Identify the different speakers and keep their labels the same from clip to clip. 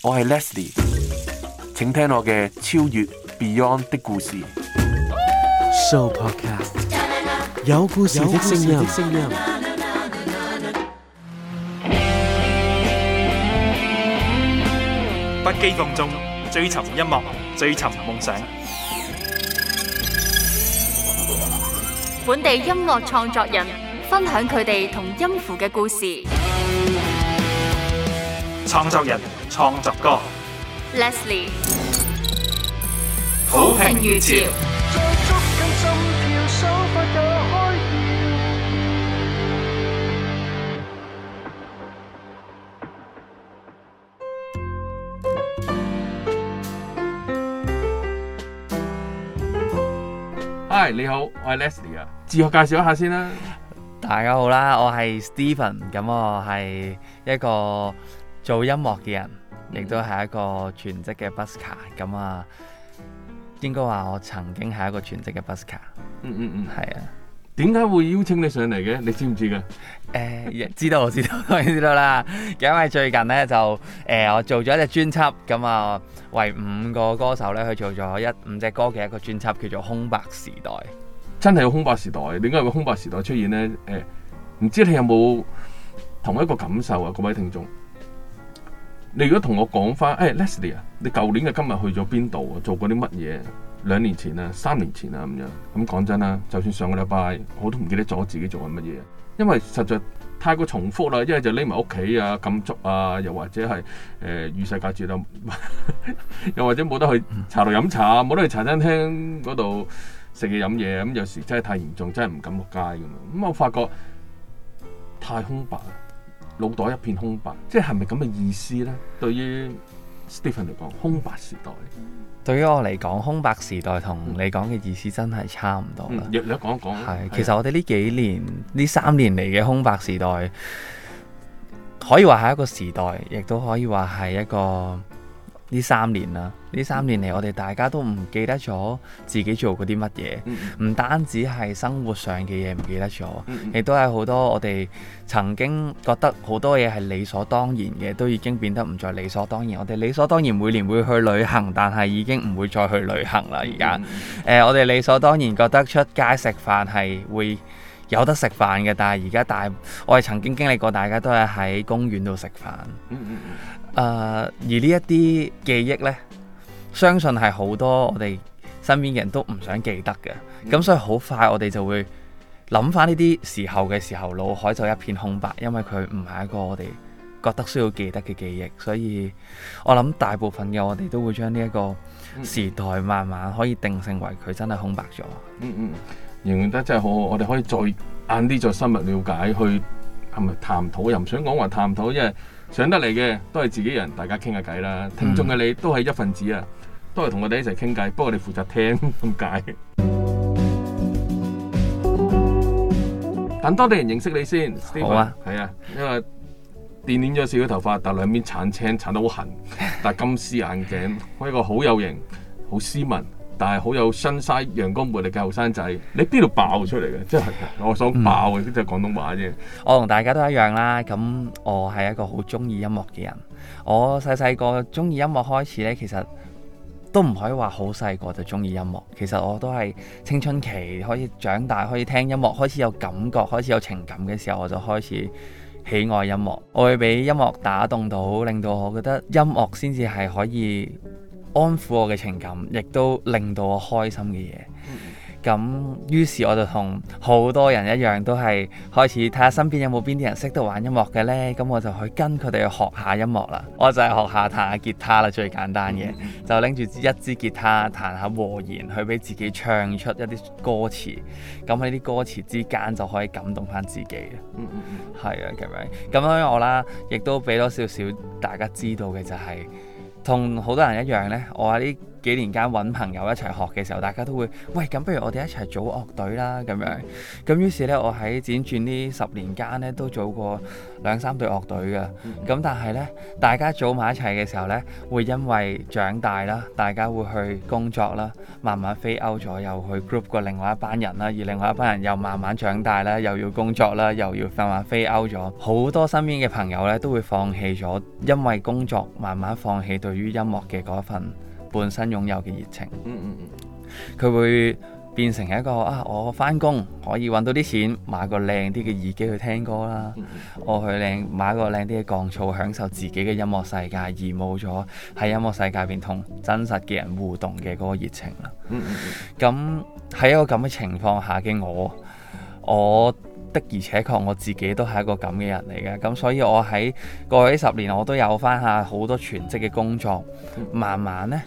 Speaker 1: 我係 Leslie，請聽我嘅超越 Beyond 的故事
Speaker 2: Show Podcast，有故事的聲音，
Speaker 3: 不羈放縱，追尋音樂，追尋夢想。本地音樂創作人分享佢哋同音符嘅故事。創作人
Speaker 4: 創作歌 Leslie 好評如潮。
Speaker 1: Hi，你好，我係 Leslie 啊。
Speaker 3: 自我介紹一下先啦。大家好啦，我係 Stephen，咁我係一個。做音樂嘅人，亦都係一個全職嘅 busker。咁啊，應該話我曾經係一個全職嘅 busker。嗯嗯嗯，係啊。點解會邀請你上嚟嘅？你知唔知㗎？誒、呃，知道我知道知道啦。因為最近呢，就誒、呃，我做咗一隻專輯，咁啊為五個歌手咧去做咗一五隻歌嘅一個專輯，叫做《空白時代》。真係有《空白時代》，點解有個空白時代出
Speaker 1: 現呢？誒、欸，唔知你有冇同一個感受啊？各位聽眾。你如果同我講返，誒、欸、Leslie 啊，你舊年嘅今日去咗邊度啊？做過啲乜嘢？兩年前啊，三年前啊咁樣。咁講真啦，就算上個禮拜，我都唔記得咗自己做緊乜嘢，因為實在太過重複啦。一係就匿埋屋企啊，禁足啊，又或者係誒與世隔絕啦， 又或者冇得去茶樓飲茶，冇得去茶餐廳嗰度食嘢飲嘢。咁、嗯、有時真係太嚴重，真係唔敢落街咁樣。咁我發覺太空白啦。腦袋一片空白，即係係咪咁嘅意思呢？對於 Stephen 嚟講，空白時代；
Speaker 3: 對於我嚟講，空白時代同你講嘅意思真係差唔多啦。若你講係其實我哋呢幾年呢三年嚟嘅空白時代，可以話係一個時代，亦都可以話係一個。呢三年啦，呢三年嚟，我哋大家都唔記得咗自己做過啲乜嘢，唔單止係生活上嘅嘢唔記得咗，亦都係好多我哋曾經覺得好多嘢係理所當然嘅，都已經變得唔再理所當然。我哋理所當然每年會去旅行，但係已經唔會再去旅行啦。而家，誒、呃，我哋理所當然覺得出街食飯係會有得食飯嘅，但係而家大，我哋曾經經歷過，大家都係喺公園度食飯。誒、呃，而呢一啲記憶呢，相信係好多我哋身邊嘅人都唔想記得嘅，咁、嗯、所以好快我哋就會諗翻呢啲時候嘅時候，腦海就一片空白，因為佢唔係一個我哋覺得需要記得嘅記憶，所以我諗大部分嘅我哋都會將呢一個時代慢慢可以定性為佢真係空白咗、嗯。嗯嗯，形容得真係好，我哋可以再晏
Speaker 1: 啲再深入了解去係咪探討，又唔想講話探討，因為。上得嚟嘅，都係自己人，大家傾下偈啦。嗯、聽眾嘅你都係一份子啊，都係同我哋一齊傾偈。不過你負責聽咁解。 等多啲人認識你先。好啊，係啊，因為電染咗少少頭髮，但兩邊鏟青鏟得好痕，戴金絲眼鏡， 一個好有型、好斯文。但係好有新 u 陽光活力嘅後生仔，你邊度爆出嚟嘅？即係我想爆
Speaker 3: 嘅，即啲係廣東話啫。我同大家都一樣啦，咁我係一個好中意音樂嘅人。我細細個中意音樂開始呢，其實都唔可以話好細個就中意音樂。其實我都係青春期開始長大，開始聽音樂，開始有感覺，開始有情感嘅時候，我就開始喜愛音樂。我會俾音樂打動到，令到我覺得音樂先至係可以。安撫我嘅情感，亦都令到我開心嘅嘢。咁、嗯，於是我就同好多人一樣，都係開始睇下身邊有冇邊啲人識得玩音樂嘅呢。咁我就去跟佢哋去學下音樂啦。我就係學下彈下吉他啦，最簡單嘅。嗯、就拎住一支吉他彈下和弦，去俾自己唱出一啲歌詞。咁喺啲歌詞之間就可以感動翻自己。嗯，係啊，咁樣。咁因為我啦，亦都俾多少少大家知道嘅就係、是。同好多人一樣呢，我話啲。幾年間揾朋友一齊學嘅時候，大家都會喂，咁，不如我哋一齊組樂隊啦，咁樣咁。於是呢，我喺輾轉呢十年間呢，都組過兩三隊樂隊嘅。咁、嗯、但係呢，大家組埋一齊嘅時候呢，會因為長大啦，大家會去工作啦，慢慢飛歐咗，又去 group 過另外一班人啦。而另外一班人又慢慢長大啦，又要工作啦，又要慢慢飛歐咗，好多身邊嘅朋友呢，都會放棄咗，因為工作慢慢放棄對於音樂嘅嗰一份。本身擁有嘅熱情，佢會變成一個啊！我翻工可以揾到啲錢，買個靚啲嘅耳機去聽歌啦，我去靚買個靚啲嘅降噪，享受自己嘅音樂世界，而冇咗喺音樂世界入邊同真實嘅人互動嘅嗰個熱情啦。咁喺一個咁嘅情況下嘅我，我的而且確我自己都係一個咁嘅人嚟嘅，咁所以我喺過去十年，我都有翻下好多全職嘅工作，慢慢呢。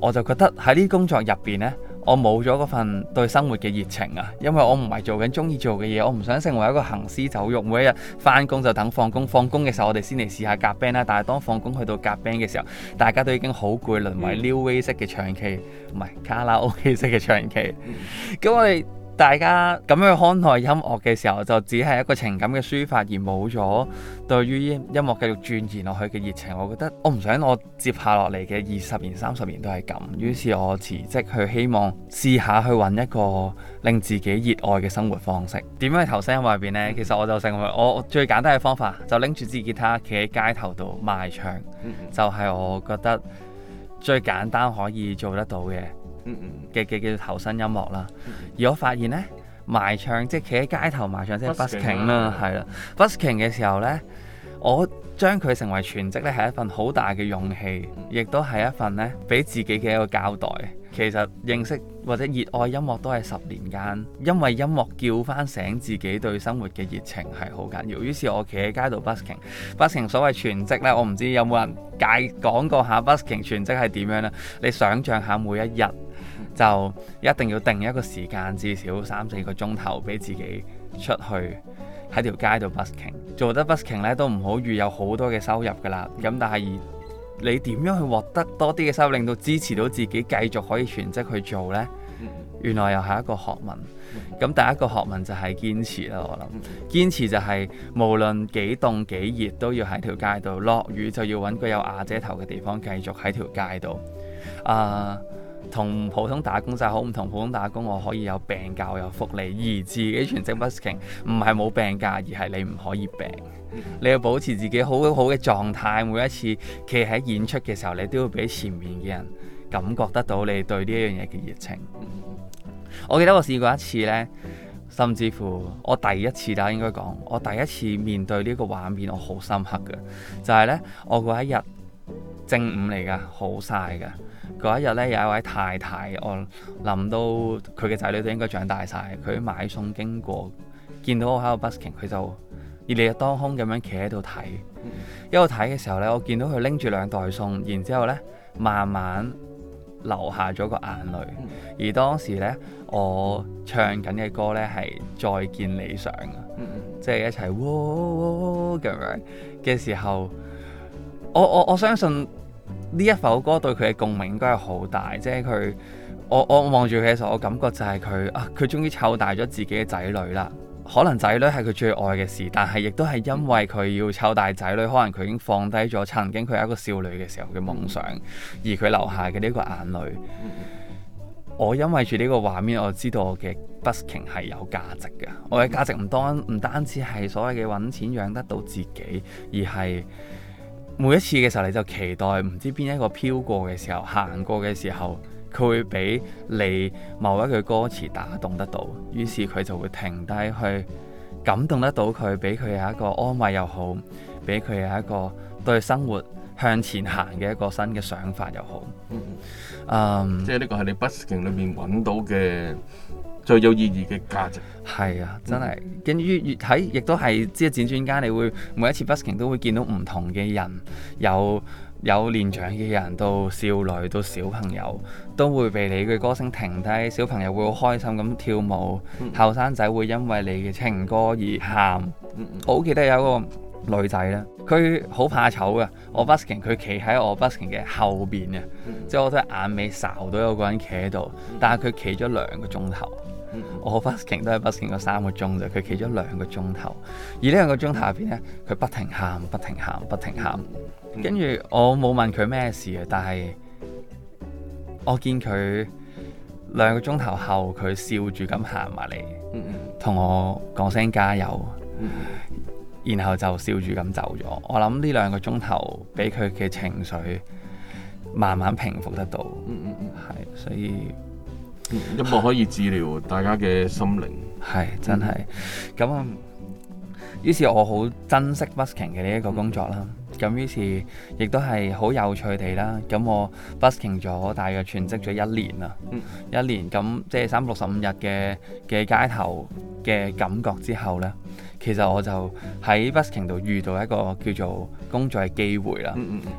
Speaker 3: 我就覺得喺呢工作入邊呢，我冇咗嗰份對生活嘅熱情啊，因為我唔係做緊中意做嘅嘢，我唔想成為一個行屍走肉，每一日翻工就等放工，放工嘅時候我哋先嚟試下夾 band 啦。但係當放工去到夾 band 嘅時候，大家都已經好攰，淪為 Neway 式嘅唱 K，唔係卡拉 OK 式嘅唱 K。咁、嗯、我哋。大家咁樣看待音樂嘅時候，就只係一個情感嘅抒發，而冇咗對於音樂繼續鑽研落去嘅熱情。我覺得我唔想我接下落嚟嘅二十年、三十年都係咁，於是我辭職去希望試下去揾一個令自己熱愛嘅生活方式。點 樣去投身喺外邊呢？其實我就認為我最簡單嘅方法就拎住支吉他企喺街頭度賣唱，就係、是、我覺得最簡單可以做得到嘅。嘅嘅叫做投身音樂啦，而我發現呢，賣唱即係企喺街頭賣唱即係 busking 啦，係啦了，busking 嘅時候呢，我將佢成為全職呢係一份好大嘅勇氣，亦都係一份呢俾自己嘅一個交代。其實認識或者熱愛音樂都係十年間，因為音樂叫返醒自己對生活嘅熱情係好緊要。於是我 king、嗯，我企喺街度 busking，busking 所謂全職呢，我唔知有冇人介講過下 busking 全職係點樣呢？你想像下每一日。就一定要定一個時間，至少三、四個鐘頭俾自己出去喺條街度 busking。做得 busking 咧都唔好預有好多嘅收入噶啦。咁但係而你點樣去獲得多啲嘅收入，令到支持到自己繼續可以全職去做呢？原來又係一個學問。咁第一個學問就係堅持啦。我諗堅持就係、是、無論幾凍幾熱都要喺條街度，落雨就要揾個有瓦遮頭嘅地方繼續喺條街度。啊、uh,！普同普通打工仔好唔同，普通打工我可以有病假，我有福利，而自己全職不 u s k i n 唔係冇病假，而係你唔可以病。你要保持自己好好嘅狀態，每一次企喺演出嘅時候，你都要俾前面嘅人感覺得到你對呢樣嘢嘅熱情。我記得我試過一次呢，甚至乎我第一次啦，應該講，我第一次面對呢個畫面，我好深刻嘅就係、是、呢，我嗰一日正午嚟噶，好曬噶。嗰一日咧，有一位太太，我諗到佢嘅仔女都應該長大晒。佢買餸經過，見到我喺度 busking，佢就熱烈當空咁樣企喺度睇。一路睇嘅時候咧，我見到佢拎住兩袋餸，然之後咧慢慢流下咗個眼淚。而當時咧，我唱緊嘅歌咧係《再見理想》即係、嗯嗯、一齊咁樣嘅時候，我我我相信。呢一首歌對佢嘅共鳴應該係好大，即係佢我我望住佢嘅時候，我感覺就係佢啊，佢終於湊大咗自己嘅仔女啦。可能仔女係佢最愛嘅事，但係亦都係因為佢要湊大仔女，可能佢已經放低咗曾經佢係一個少女嘅時候嘅夢想，而佢留下嘅呢個眼淚。我因為住呢個畫面，我知道我嘅 busking 係有價值嘅。我嘅價值唔單唔單止係所謂嘅揾錢養得到自己，而係。每一次嘅時候，你就期待唔知邊一個飄過嘅時候、行過嘅時候，佢會俾你某一句歌詞打動得到，於是佢就會停低去感動得到佢，俾佢有一個安慰又好，俾佢有一個對生活向前行嘅一個新嘅想法又好。嗯，um, 即係呢個係你 busking 裏面揾到嘅。最有意義嘅價值係啊！真係跟住越睇，亦都係即係展轉間，你會每一次 busking 都會見到唔同嘅人，有有年長嘅人，到少女，到小朋友，都會被你嘅歌聲停低。小朋友會好開心咁跳舞，後生仔會因為你嘅情歌而喊。嗯、我好記得有一個女仔咧，佢好怕醜嘅，我 busking 佢企喺我 busking 嘅後邊嘅，嗯、即係我都眼尾睄到有個人企喺度，但係佢企咗兩個鐘頭。我 busking 都係 busking 三個鐘咋，佢企咗兩個鐘頭，而兩呢兩個鐘頭入邊咧，佢不停喊，不停喊，不停喊，跟住我冇問佢咩事啊，但係我見佢兩個鐘頭後，佢笑住咁行埋嚟，同我講聲加油，然後就笑住咁走咗。我諗呢兩個鐘頭俾佢嘅情緒慢慢平復得到，嗯嗯嗯，係，所以。音樂可
Speaker 1: 以治療大家嘅心靈，係真係。
Speaker 3: 咁於、嗯、是我好珍惜 busking 嘅呢一個工作啦。咁於、嗯、是亦都係好有趣地啦。咁我 busking 咗大約全職咗一年啦，嗯、一年咁即係三百六十五日嘅嘅街頭嘅感覺之後呢。其實我就喺 Busking 度遇到一個叫做工作嘅機會啦，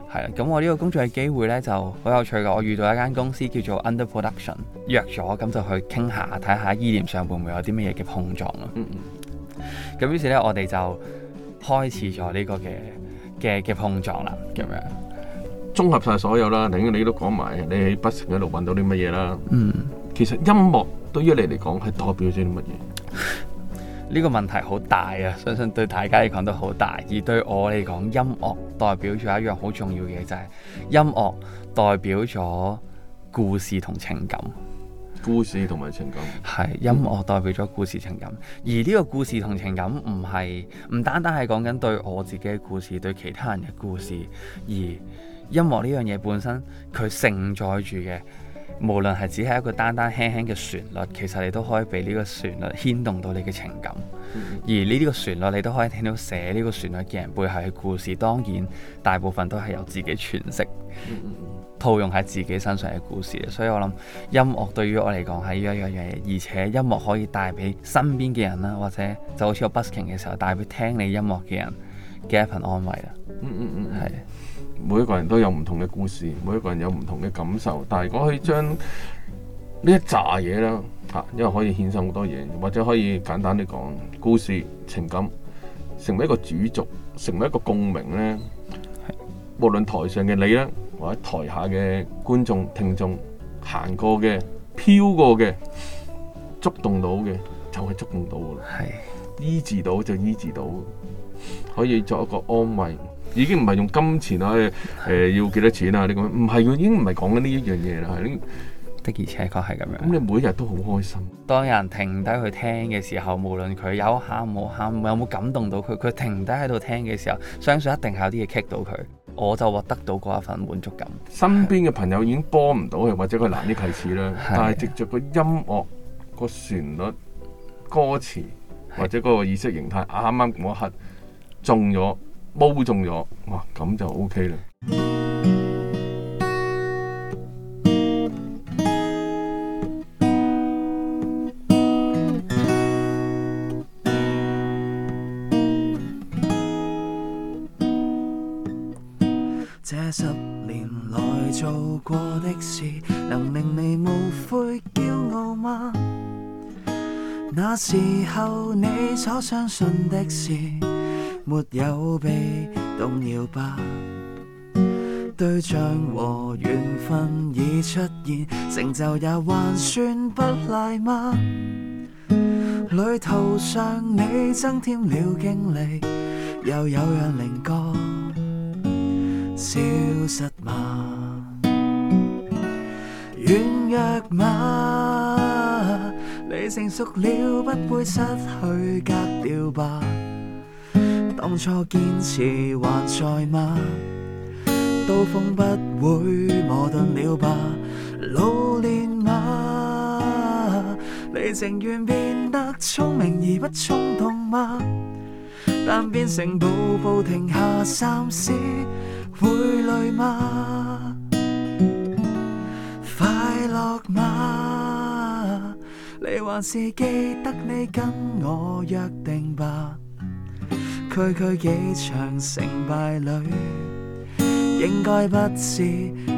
Speaker 3: 係啦、嗯嗯，咁我呢個工作嘅機會咧就好有趣噶，我遇到一間公司叫做 Under Production，約咗咁就去傾下睇下意念上會唔會有啲乜嘢嘅碰撞咯。咁、嗯嗯、於是咧我哋就開始咗呢個嘅嘅嘅碰撞啦。咁樣
Speaker 1: 綜合晒所有啦，頭先你都講埋你喺 Busking 度揾到啲乜嘢啦。嗯，
Speaker 3: 其實音樂對於你嚟講係代表咗啲乜嘢？ 呢個問題好大啊！相信對大家嚟講都好大，而對我嚟講，音樂代表咗一樣好重要嘅嘢，就係、是、音樂代表咗故事同情感。故事同埋情感係、嗯。音樂代表咗故事情感，嗯、而呢個故事同情感唔係唔單單係講緊對我自己嘅故事，對其他人嘅故事，而音樂呢樣嘢本身佢承載住嘅。無論係只係一個單單輕輕嘅旋律，其實你都可以被呢個旋律牽動到你嘅情感。而呢啲個旋律你都可以聽到寫呢個旋律嘅人背後嘅故事。當然大部分都係由自己詮釋，套用喺自己身上嘅故事。所以我諗音樂對於我嚟講係一樣一樣嘢，而且音樂可以帶俾身邊嘅人啦，或者就好似我 busking 嘅時候帶俾聽你音樂嘅人嘅一份安慰啦。嗯嗯嗯，係。
Speaker 1: 每一個人都有唔同嘅故事，每一個人有唔同嘅感受。但係如果可以將呢一紮嘢啦，嚇、啊，因為可以衍生好多嘢，或者可以簡單啲講，故事、情感，成為一個主軸，成為一個共鳴咧。是無論台上嘅你咧，或者台下嘅觀眾、聽眾，行過嘅、飄過嘅、觸動到嘅，就係觸動到噶啦。係是，醫治到就醫治到，可以作一個安慰。已經唔係用金錢啊！誒、哎呃、要幾多錢啊？呢個唔係，佢已經唔係講緊呢一樣嘢啦。的而且確係咁樣。咁你每日都好開心。
Speaker 3: 當有人停低去聽嘅時候，無論佢有喊冇喊，有冇感動到佢，佢停低喺度聽嘅時候，相信一定係有啲嘢 kick 到佢。我就獲得到嗰一份滿足感。
Speaker 1: 身邊嘅朋友已經幫唔到佢，或者佢難於啟齒啦。但係藉著個音樂、個旋律、歌詞的或者嗰個意識形態，啱啱嗰一刻中咗。冇中咗，哇，咁就 O K 啦。
Speaker 2: 這十年來做過的事，能令你無悔驕傲嗎？那時候你所相信的事。沒有被動搖吧，對象和緣份已出現，成就也還算不賴嗎？旅途上你增添了經歷，又有讓稜角消失嗎？軟弱嗎？你成熟了，不會失去格調吧？當初堅持還在嗎？刀鋒不會磨鈍了吧？老練嗎？你情願變得聰明而不衝動嗎？但變成步步停下三思會累嗎？快樂嗎？你還是記得你跟我約定吧？區區幾場成敗裏，應該不是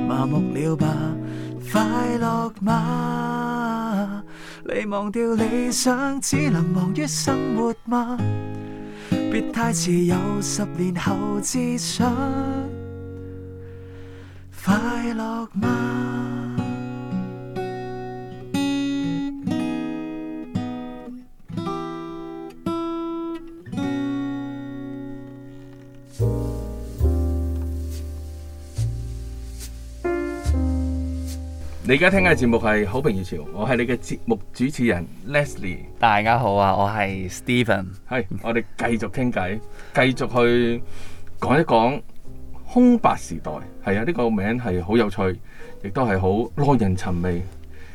Speaker 2: 麻木了吧？快樂嗎？你忘掉理想，只能忙於生活嗎？別太遲，有十年後至想。快樂嗎？
Speaker 1: 你而家聽緊嘅節目係《好評如潮》，我係你嘅節目主持人 Leslie。
Speaker 3: 大家好啊，我係 Stephen。係，
Speaker 1: 我哋繼續傾偈，繼續去講一講空白時代。係啊，呢個名係好有趣，亦都係好耐人尋味。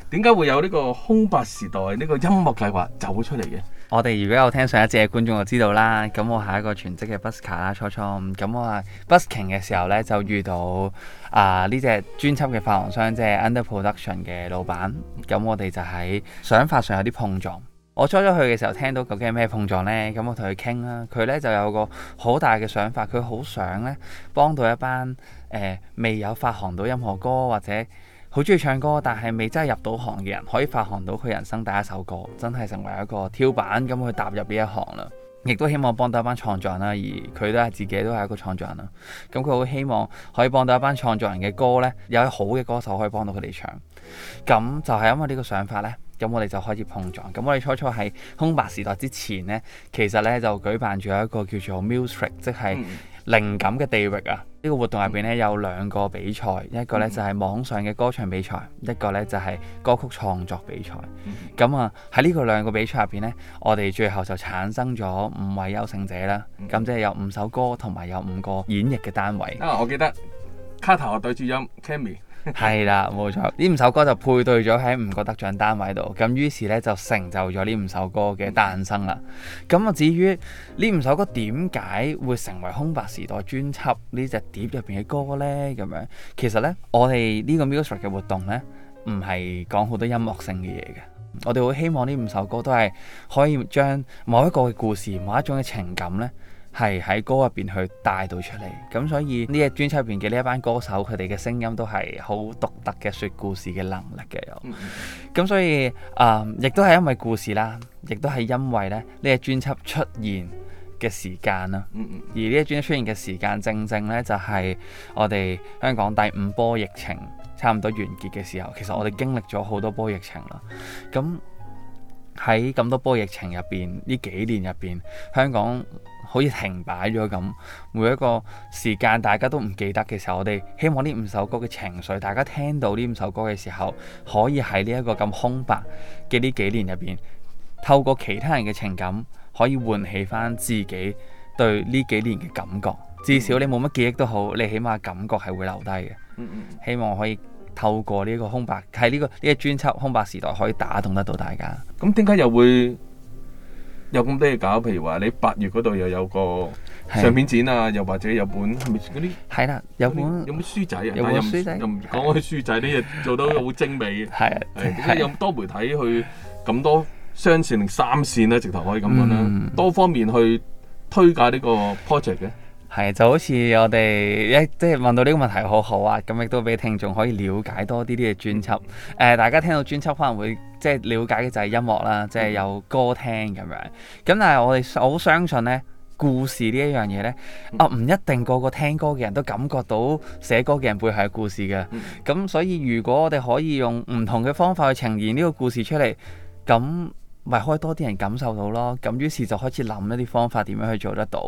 Speaker 1: 點解會有呢個空白時代呢個音樂計劃走出嚟嘅？
Speaker 3: 我哋如果有聽上一集嘅觀眾就知道啦，咁我係一個全職嘅 busker 啦，初初咁，我啊 busking 嘅時候呢，就遇到啊呢、呃、隻專輯嘅發行商即係、就是、underproduction 嘅老闆，咁我哋就喺想法上有啲碰撞。我初初去嘅時候聽到究竟係咩碰撞呢？咁我同佢傾啦，佢呢就有個好大嘅想法，佢好想呢幫到一班誒、呃、未有發行到任何歌或者。好中意唱歌，但係未真係入到行嘅人，可以發行到佢人生第一首歌，真係成為一個跳板咁去踏入呢一行啦。亦都希望幫到一班創作人啦，而佢都係自己都係一個創作人啦。咁佢好希望可以幫到一班創作人嘅歌呢，有好嘅歌手可以幫到佢哋唱。咁就係因為呢個想法呢，咁我哋就開始碰撞。咁我哋初初喺空白時代之前呢，其實呢就舉辦咗一個叫做 Music，即係靈感嘅地域啊。呢個活動入邊咧，有兩個比賽，一個咧就係、是、網上嘅歌唱比賽，一個咧就係、是、歌曲創作比賽。咁、嗯、啊喺呢個兩個比賽入邊咧，我哋最後就產生咗五位優勝者啦。咁即係有五首歌同埋有五個演繹嘅單位。啊，我記得。
Speaker 1: 卡頭對住音，Cammy
Speaker 3: 係啦，冇錯。呢五首歌就配對咗喺五個得獎單位度，咁於是呢就成就咗呢五首歌嘅誕生啦。咁啊至於呢五首歌點解會成為空白時代專輯呢隻碟入邊嘅歌呢？咁樣其實呢，我哋呢個 music 嘅活動呢，唔係講好多音樂性嘅嘢嘅。我哋會希望呢五首歌都係可以將某一個嘅故事、某一種嘅情感呢。係喺歌入邊去帶到出嚟，咁所以呢、這個、一專輯入邊嘅呢一班歌手，佢哋嘅聲音都係好獨特嘅說故事嘅能力嘅，又咁、嗯、所以，誒、呃，亦都係因為故事啦，亦都係因為呢呢一專輯出現嘅時間啦，嗯、而呢一專輯出現嘅時間，正正呢就係、是、我哋香港第五波疫情差唔多完結嘅時候，其實我哋經歷咗好多波疫情啦，咁喺咁多波疫情入邊呢幾年入邊，香港，好似停擺咗咁，每一個時間大家都唔記得嘅時候，我哋希望呢五首歌嘅情緒，大家聽到呢五首歌嘅時候，可以喺呢一個咁空白嘅呢幾年入邊，透過其他人嘅情感，可以喚起翻自己對呢幾年嘅感覺。至少你冇乜記憶都好，你起碼感覺係會留低嘅。希望可以透過呢個空白，喺呢個呢個專輯《空白時代》可以打動得到大家。咁點解又會？有咁多嘢搞，譬如話你八
Speaker 1: 月嗰度又有個相片展啊，又或者有本嗰啲，係啦，有本有本書仔啊，又講開書仔啲嘢做到好精美嘅，係啊，咁的有，有多媒體去咁多雙線定三線咧、啊，直頭可以咁講啦，嗯、多方面去推介呢個 project 嘅。
Speaker 3: 係，就好似我哋一即係問到呢個問題，好好啊！咁亦都俾聽眾可以了解多啲啲嘅專輯。誒、呃，大家聽到專輯可能會即係了解嘅就係音樂啦，即係有歌聽咁樣。咁但係我哋好相信呢故事呢一樣嘢呢，啊唔一定個個聽歌嘅人都感覺到寫歌嘅人背後嘅故事嘅。咁所以如果我哋可以用唔同嘅方法去呈現呢個故事出嚟，咁。咪開多啲人感受到咯，咁於是就開始諗一啲方法點樣去做得到。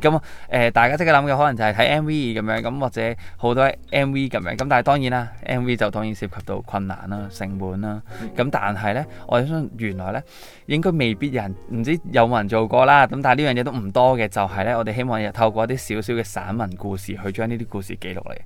Speaker 3: 咁、嗯、誒、呃、大家即刻諗嘅可能就係睇 MV 咁樣，咁或者好多 MV 咁樣，咁但係當然啦，嗯，MV 就當然涉及到困難啦，啊，成本啦，啊。咁、嗯、但係咧，我相信原來咧應該未必人唔知有冇人做過啦。咁但係呢樣嘢都唔多嘅，就係、是、咧我哋希望透過一啲少少嘅散文故事去將呢啲故事記錄嚟。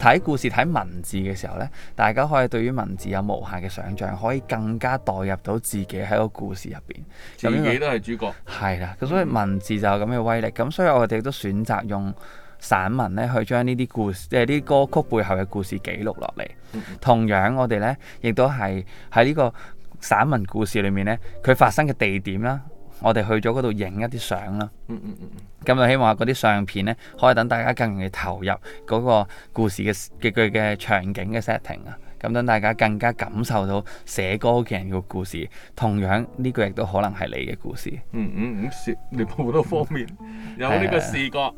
Speaker 3: 睇故事睇文字嘅時候咧，大家可以對於文字有無限嘅想象，可以更加代入到自己喺個。故事入邊，自己都係主角，係啦。咁所以文字就有咁嘅威力。咁所以我哋都選擇用散文咧，去將呢啲故事，即係啲歌曲背後嘅故事記錄落嚟。 同樣我哋咧，亦都係喺呢個散文故事裏面咧，佢發生嘅地點啦，我哋去咗嗰度影一啲相啦。嗯嗯嗯。咁就希望嗰啲相片咧，可以等大家更容易投入嗰個故事嘅嘅嘅場景嘅 setting 啊。咁等大家更加感受到寫歌嘅人個故事，同樣呢個亦都可能係你嘅故事。
Speaker 1: 嗯嗯，咁、嗯嗯、你好多方面，嗯、有呢個視覺，
Speaker 3: 咁啊、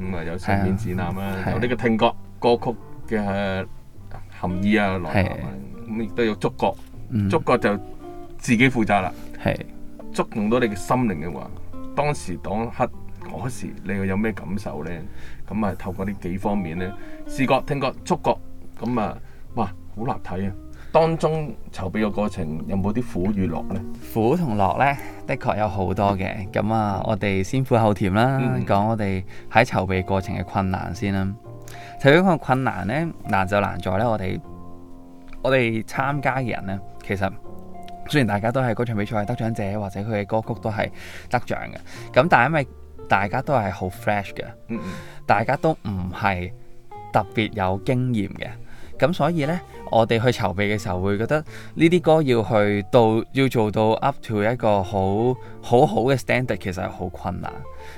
Speaker 3: 嗯、有視面展覽啦，嗯、有呢個聽覺
Speaker 1: 歌曲嘅含義啊內容，
Speaker 3: 咁
Speaker 1: 亦都有觸覺，嗯、觸覺就自己負責啦。係、嗯、觸動到你嘅心靈嘅話，當時當刻嗰時你會有咩感受咧？咁啊透過呢幾方面咧，視覺、聽覺、觸覺，咁啊哇！哇好立體啊！當中籌備嘅過程有冇啲苦與樂呢？
Speaker 3: 苦同樂呢，的確有好多嘅。咁啊、嗯，我哋先苦後甜啦，講、嗯、我哋喺籌備過程嘅困難先啦。籌備嘅困難呢，難就難在呢。我哋我哋參加嘅人呢，其實雖然大家都係歌唱比賽得獎者，或者佢嘅歌曲都係得獎嘅，咁但係因為大家都係好 fresh 嘅，嗯嗯大家都唔係特別有經驗嘅。咁所以咧，我哋去籌備嘅時候，會覺得呢啲歌要去到要做到 up to 一個好好好嘅 standard，其實係好困難。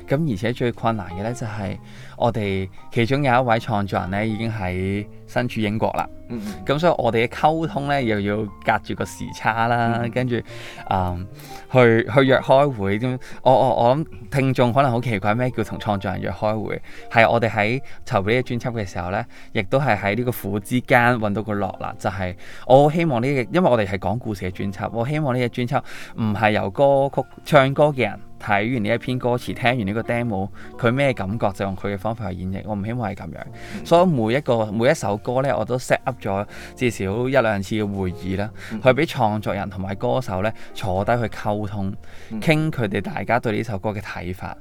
Speaker 3: 咁而且最困難嘅呢，就係我哋其中有一位創作人呢，已經喺身處英國啦，咁、mm hmm. 所以我哋嘅溝通呢，又要隔住個時差啦，mm hmm. 跟住誒、嗯、去去約開會咁，我我我諗聽眾可能好奇怪，咩叫同創作人約開會？係我哋喺籌備呢個專輯嘅時候呢，亦都係喺呢個苦之間揾到個樂啦，就係、是、我希望呢、這個，因為我哋係講故事嘅專輯，我希望呢個專輯唔係由歌曲唱歌嘅人。睇完呢一篇歌詞，聽完呢個 demo，佢咩感覺就用佢嘅方法去演繹，我唔希望係咁樣，所以每一個每一首歌咧，我都 set up 咗至少一兩次嘅會議啦，去俾創作人同埋歌手咧坐低去溝通，傾佢哋大家對呢首歌嘅睇法。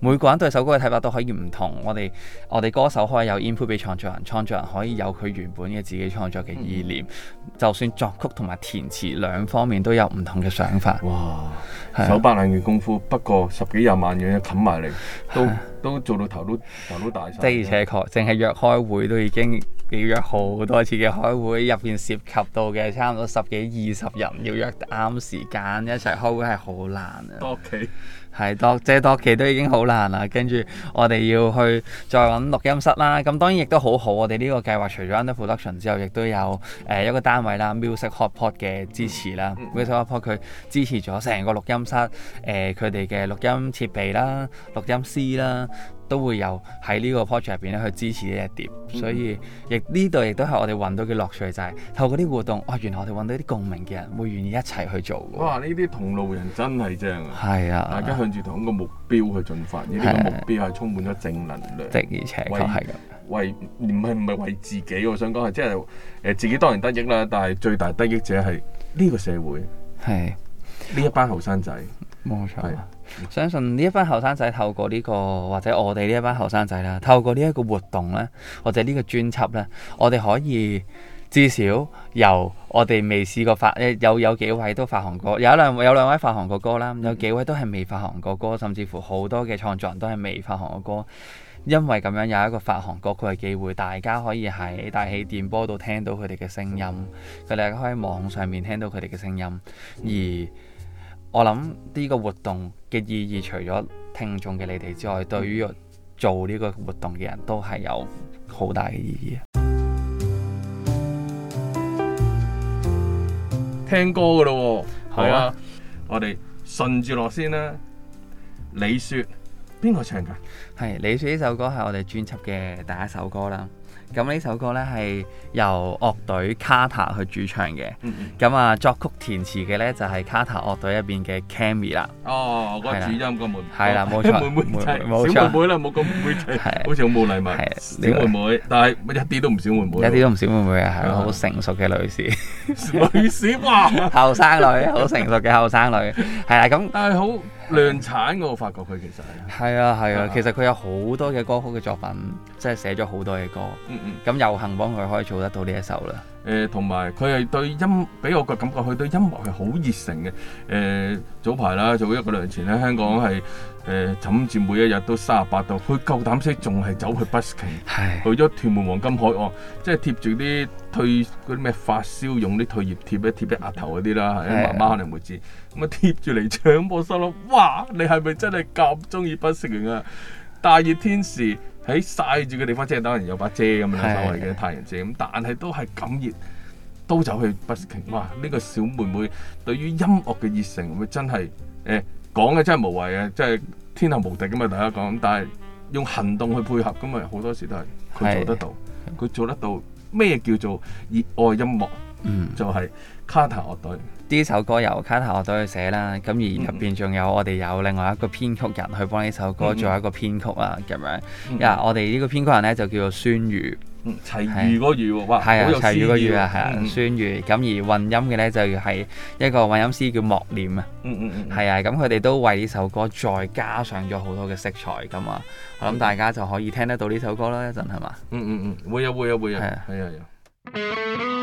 Speaker 3: 每個人對首歌嘅睇法都可以唔同，我哋我哋歌手可以有 input 俾創作人，創作人可以有佢原本嘅自己創作嘅意念，嗯、就算作曲同埋填詞兩方面都有唔同嘅想法。哇，手板眼
Speaker 1: 見功夫，不過十幾廿萬樣嘢冚埋嚟，都、啊、
Speaker 3: 都做到頭都，
Speaker 1: 頭都大晒。真係扯
Speaker 3: 殼，淨係約開會都已經要約好多次嘅開會，入邊涉及到嘅差唔多十幾二十人，要約啱時間一齊開會係好難啊，okay. 係，多借多期都已經好難啦。跟住我哋要去再揾錄音室啦。咁當然亦都好好，我哋呢個計劃除咗 Under production 之後，亦都有誒、呃、一個單位啦 ，Music Hotpot 嘅支持啦。 Music Hotpot 佢支持咗成個錄音室，誒佢哋嘅錄音設備啦、錄音師啦。都會有喺呢個 project 入邊咧去支持呢一碟，所以亦呢度亦都係我哋揾到嘅樂趣，就係、是、透過啲活動，哇、哦！原來我哋揾到啲共鳴嘅人，會願意一齊去做。
Speaker 1: 哇！呢啲同路人真係正啊！
Speaker 3: 係啊，大家向
Speaker 1: 住同一個目標去進發，呢個目標係充滿咗正能量。的而且確係㗎，為唔係唔係為自己，我想講係即係誒自己當然得益啦，但係最大得益者係呢個社
Speaker 3: 會，係
Speaker 1: 呢、啊、一班後生
Speaker 3: 仔，冇錯。相信呢一班後生仔透過呢個或者我哋呢一班後生仔啦，透過呢一個活動咧，或者呢個專輯咧，我哋可以至少由我哋未試過發，有有幾位都發行過，有兩有兩位發行過歌啦，有幾位都係未發行過歌，甚至乎好多嘅創作人都係未發行過歌，因為咁樣有一個發行歌曲嘅機會，大家可以喺大氣電波度聽到佢哋嘅聲音，佢哋可以網上面聽到佢哋嘅聲音，而。我諗呢個活動嘅意義，除咗聽眾嘅你哋之外，對於做呢個活動嘅人都係有好大嘅意義。哦、啊！聽歌噶咯，係啊，
Speaker 1: 我哋順住落先啦。李雪邊個唱噶？
Speaker 3: 係李雪呢首歌係我哋專輯嘅第一首歌啦。咁呢首歌咧係由樂隊 Kata 去主唱嘅，咁啊作曲填詞嘅咧就係 Kata 樂隊入邊嘅 Cammy 啦。哦，個主音個妹妹，係啦冇錯，小妹妹啦冇咁妹妹，好似好冇禮貌，小妹妹，但係一啲都唔小妹妹，一啲都唔小妹妹啊，係好成熟嘅女士，
Speaker 1: 女
Speaker 3: 士啊，後生女，好成熟嘅後生女，係啊咁，但係好。
Speaker 1: 量產，我發覺佢其
Speaker 3: 實係啊係啊，啊啊其實佢有好多嘅歌曲嘅作品，即係寫咗好多嘅歌。嗯嗯，咁、嗯、有幸幫佢可以做得到呢一首咧。誒、呃，同埋
Speaker 1: 佢係對音，俾我個感覺，佢對音樂係好熱誠嘅。誒、呃，早排啦，早一個兩年前香港係。嗯誒，枕住每一日都三十八度，佢夠膽識仲係走去 busking，的去咗屯門黃金海岸，即係貼住啲退嗰啲咩發燒用啲退熱貼，貼一貼啲額頭嗰啲啦，啲的媽媽可能會知，咁啊貼住嚟搶波心啦！哇，你係咪真係咁中意 busking 啊？大熱天時喺晒住嘅地方，即係當然有把遮咁樣所謂嘅太陽遮咁，但係都係咁熱都走去 busking。哇！呢個小妹妹對於音樂嘅熱誠，會真係誒。欸講嘅真係無謂呀，即係天下無敵噶嘛，大家講。但係用行動去配合咁啊，好多時都係佢做得到，佢的做得到咩叫做熱愛音樂？嗯，就係卡塔樂隊。
Speaker 3: 呢首歌由卡塔樂隊去寫啦，咁而入邊仲有、嗯、我哋有另外一個編曲人去幫呢首歌做一個編曲啊，咁、嗯、樣嗱，嗯、我哋呢個編曲人呢，就叫做孫瑜。齊豫個豫，哇！係啊，齊豫個豫啊，係啊、嗯，孫豫。咁而混音嘅咧，就係、是、一個混音師叫莫念、嗯嗯、啊。嗯嗯嗯，係啊。咁佢哋都為呢首歌再加上咗好多嘅色彩，咁啊，我諗大家就可以聽得到呢首歌啦。一陣係嘛？嗯嗯
Speaker 1: 嗯，會有會有會有。係啊係啊。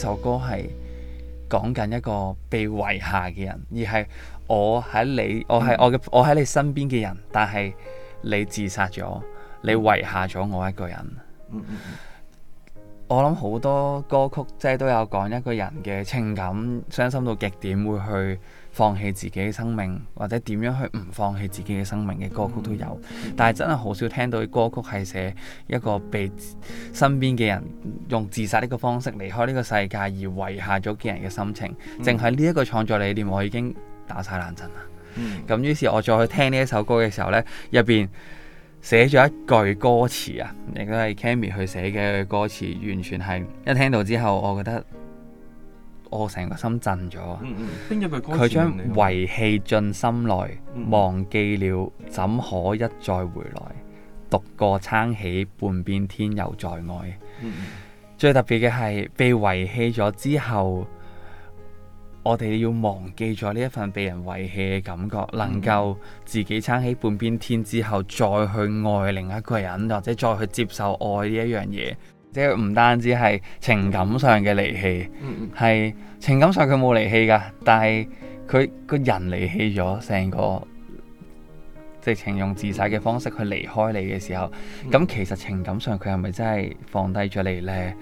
Speaker 3: 呢首歌係講緊一個被遺下嘅人，而係我喺你，我係我嘅，我喺你身邊嘅人，但係你自殺咗，你遺下咗我一個人。嗯嗯我諗好多歌曲即係都有講一個人嘅情感，傷心到極點會去放棄自己嘅生命，或者點樣去唔放棄自己嘅生命嘅歌曲都有。但係真係好少聽到歌曲係寫一個被身邊嘅人用自殺呢個方式離開呢個世界而遺下咗嘅人嘅心情。淨係呢一個創作理念，我已經打晒冷震啦。咁於是，我再去聽呢一首歌嘅時候呢，入邊。寫咗一句歌詞啊，亦都係 Cammy 去寫嘅歌詞，完全係一聽到之後，我覺得我成個心震咗、
Speaker 1: 嗯。嗯邊一句歌詞？佢將遺
Speaker 3: 棄進心內，嗯、忘記了怎可一再回來？獨個撐起半邊天又在愛。嗯嗯、最特別嘅係被遺棄咗之後。我哋要忘記咗呢一份被人遺棄嘅感覺，能夠自己撐起半邊天之後，再去愛另一個人，或者再去接受愛呢一樣嘢，即係唔單止係情感上嘅離棄，係情感上佢冇離棄噶，但係佢個人離棄咗成個，直情用自殺嘅方式去離開你嘅時候，咁其實情感上佢係咪真係放低咗你呢？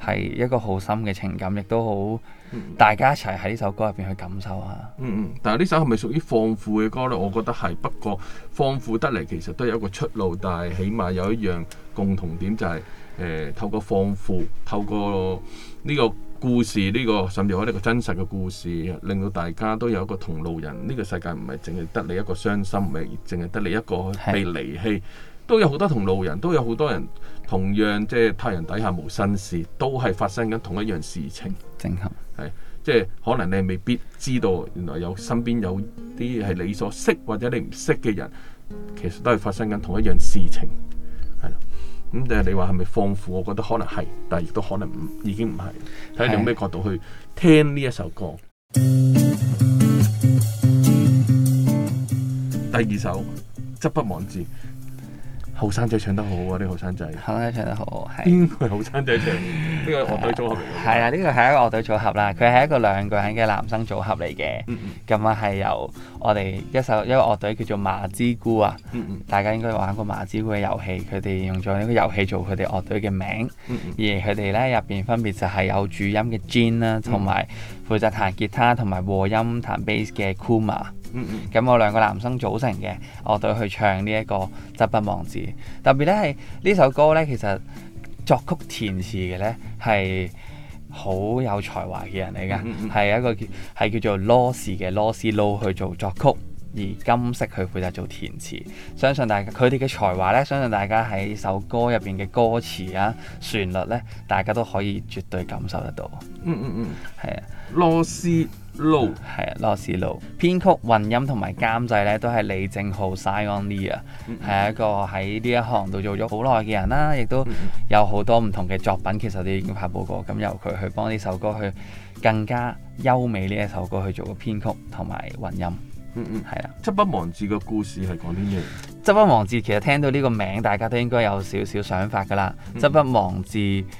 Speaker 3: 係一個好深嘅情感，亦都好。大家一齊喺呢首歌入邊去感受下。嗯嗯，但係呢首係咪屬於
Speaker 1: 放負嘅歌呢？我覺得係，不過放負得嚟其實都有一個出路，但係起碼有一樣共同點就係、是呃，透過放負，透過呢個故事，呢、這個甚至乎呢個真實嘅故事，令到大家都有一個同路人。呢、這個世界唔係淨係得你一個傷心，唔係淨係得你一個被離棄，是都有好多同路人，都有好多人同樣即係太陽底下無新事，都係發生緊同一樣事情。正合係，即係可能你未必知道，原來有身邊有啲係你所識或者你唔識嘅人，其實都係發生緊同一樣事情，係啦。咁、嗯、即係你話係咪放負，我覺得可能係，但係亦都可能唔已經唔係，睇下你用咩角度去聽呢一首歌。的第二首，執不忘字。後生仔唱得好啊！啲後生仔後生唱得好，係後生仔唱呢個樂隊組
Speaker 3: 合嚟。係 啊，呢個係一個樂隊組合啦。佢係一個兩個人嘅男生組合嚟嘅。咁啊係由我哋一首一個樂隊叫做麻之姑啊。嗯嗯，大家應該玩過麻之姑嘅遊戲，佢哋用咗呢個遊戲做佢哋樂隊嘅名。嗯嗯，而佢哋咧入邊分別就係有主音嘅 Gin 啦，同埋負責彈吉他同埋和、和音彈 Bass 嘅 Kuma。咁、嗯嗯、我兩個男生組成嘅樂隊去唱呢、這、一個執筆忘字》，特別咧係呢首歌咧，其實作曲填詞嘅咧係好有才華嘅人嚟噶，係、嗯嗯、一個叫係叫做 l 羅士嘅 l 羅斯 low 去做作曲，而金色佢負責做填詞。相信大家佢哋嘅才華咧，相信大家喺首歌入邊嘅歌詞啊、旋律咧，大家都可以絕對感受得到。嗯
Speaker 1: 嗯嗯，
Speaker 3: 係啊，羅士。路係羅斯路，編 Low. 曲、混音同埋監製咧都係李正浩 （Simon l e 啊，係一個喺呢一行度做咗好耐嘅人啦，亦都有好多唔同嘅作品，其實都已經發佈過。咁由佢去幫呢首歌去更加優美呢一首歌去做個編曲同埋混音。嗯嗯，係、嗯、啊。執筆的忘字》嘅故事係講啲咩？執筆忘字，其實聽到呢個名，大家都應該有少少想法噶啦。執筆、嗯、忘字，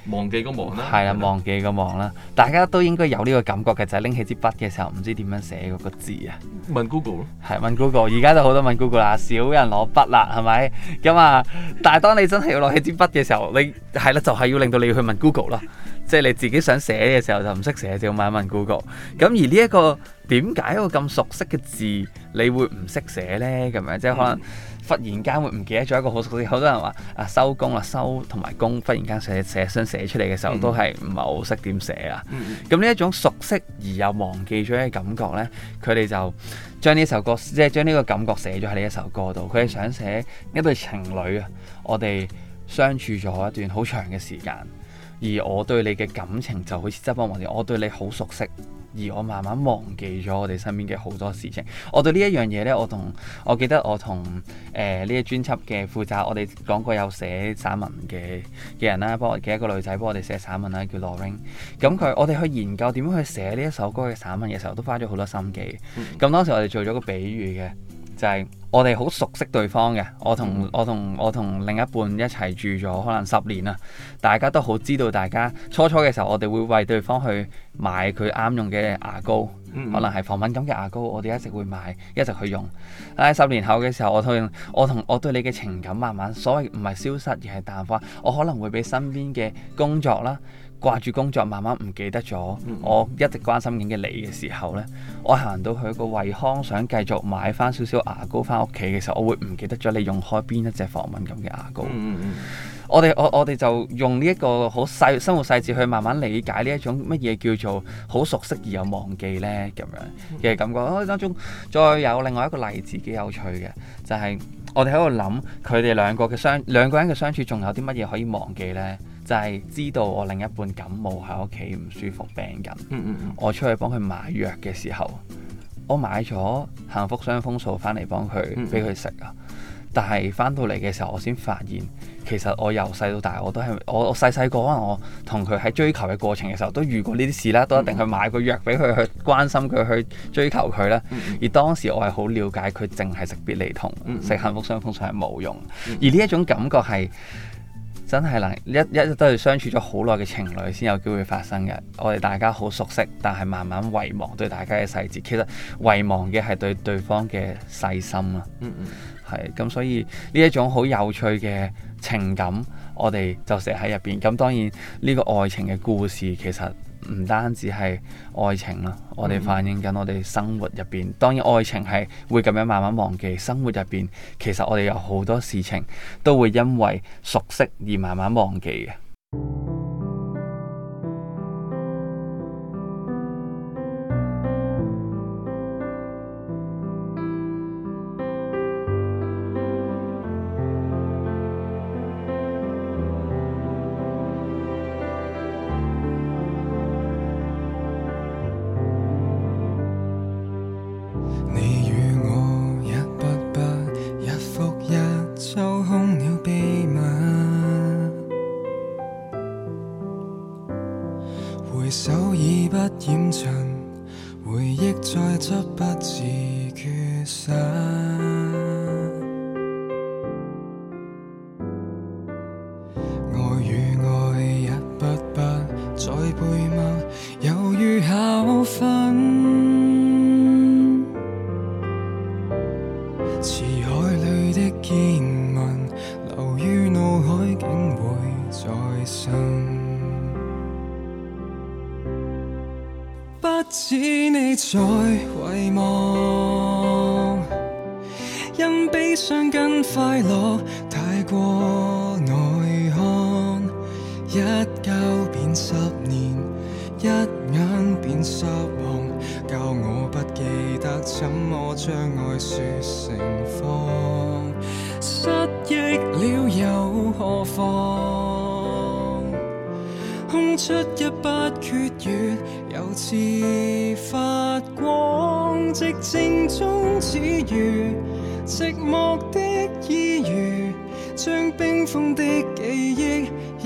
Speaker 1: 忘記個忘啦。係
Speaker 3: 啦，忘記個忘啦。大家都應該有呢個感覺嘅，就係拎起支筆嘅時候，唔知點樣寫嗰個字啊？問 Google 咯。係問 Google，而家都好多問 Google 啦，少人攞筆啦，係咪？咁啊，但係當你真係要攞起支筆嘅時候，你係啦，就係要令到你去問 Google 咯。即係 你自己想寫嘅時候，就唔識寫，就要問一問 Google。咁而呢一個點解一個咁熟悉嘅字，你會唔識寫呢？咁樣即係可能。 忽然間會唔記得咗一個好熟悉，好多人話啊，收工啦，收同埋工，忽然間寫寫想寫出嚟嘅時候都係唔係好識點寫啊？咁呢、嗯、一種熟悉而又忘記咗嘅感覺呢，佢哋就將呢首歌即係將呢個感覺寫咗喺呢一首歌度。佢係想寫一對情侶啊，我哋相處咗一段好長嘅時間，而我對你嘅感情就好似執筆忘字，我對你好熟悉。而我慢慢忘記咗我哋身邊嘅好多事情。我對呢一樣嘢呢，我同我記得我同誒呢一專輯嘅負責，我哋講過有寫散文嘅嘅人啦，幫我嘅一個女仔幫我哋寫散文啦，叫 Loring。咁佢我哋去研究點樣去寫呢一首歌嘅散文嘅時候，都花咗好多心機。咁、嗯、當時我哋做咗個比喻嘅。就係我哋好熟悉對方嘅，我同、mm hmm. 我同我同另一半一齊住咗可能十年啦，大家都好知道大家初初嘅時候，我哋會為對方去買佢啱用嘅牙膏，mm hmm. 可能係防敏感嘅牙膏，我哋一直會買，一直去用。喺十年後嘅時候，我同我同我對你嘅情感慢慢所謂唔係消失，而係淡化。我可能會俾身邊嘅工作啦。掛住工作，慢慢唔記得咗。我一直關心緊嘅你嘅時候呢，嗯、我行到去個惠康，想繼續買翻少少牙膏翻屋企嘅時候，我會唔記得咗你用開邊一隻防敏咁嘅牙膏。嗯、我哋我我哋就用呢一個好細生活細節去慢慢理解呢一種乜嘢叫做好熟悉而又忘記呢，咁樣嘅感覺。哦、嗯，當中再有另外一個例子幾有趣嘅，就係、是、我哋喺度諗佢哋兩個嘅相兩個人嘅相處，仲有啲乜嘢可以忘記呢？就係知道我另一半感冒喺屋企唔舒服病緊，嗯嗯嗯，我出去幫佢買藥嘅時候，我買咗幸福傷風素翻嚟幫佢俾佢食啊。但係翻到嚟嘅時候，我先發現其實我由細到大，我都係我我細細個可能我同佢喺追求嘅過程嘅時候都遇過呢啲事啦，都一定去買個藥俾佢去關心佢去追求佢啦。嗯嗯，而當時我係好了解佢淨係食必理痛，食、嗯嗯嗯、幸福傷風素係冇用。嗯嗯，而呢一種感覺係。真係能一一日都係相處咗好耐嘅情侶先有機會發生嘅。我哋大家好熟悉，但係慢慢遺忘對大家嘅細節。其實遺忘嘅係對對方嘅細心啊。嗯嗯，係咁，所以呢一種好有趣嘅情感，我哋就寫喺入邊。咁當然呢個愛情嘅故事其實。唔單止係愛情啦，我哋反映緊我哋生活入邊。當然愛情係會咁樣慢慢忘記，生活入邊其實我哋有好多事情都會因為熟悉而慢慢忘記嘅。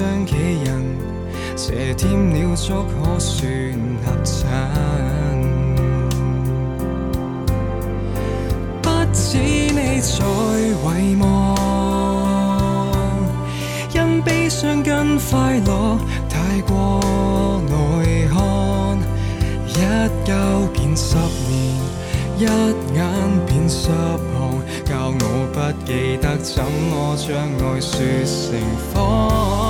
Speaker 4: 相幾人？蛇添了足可算合襯。不止你在遺忘，因悲傷跟快樂太過耐看，一交變十年，一眼變失望，教我不記得怎麼將愛説成謊。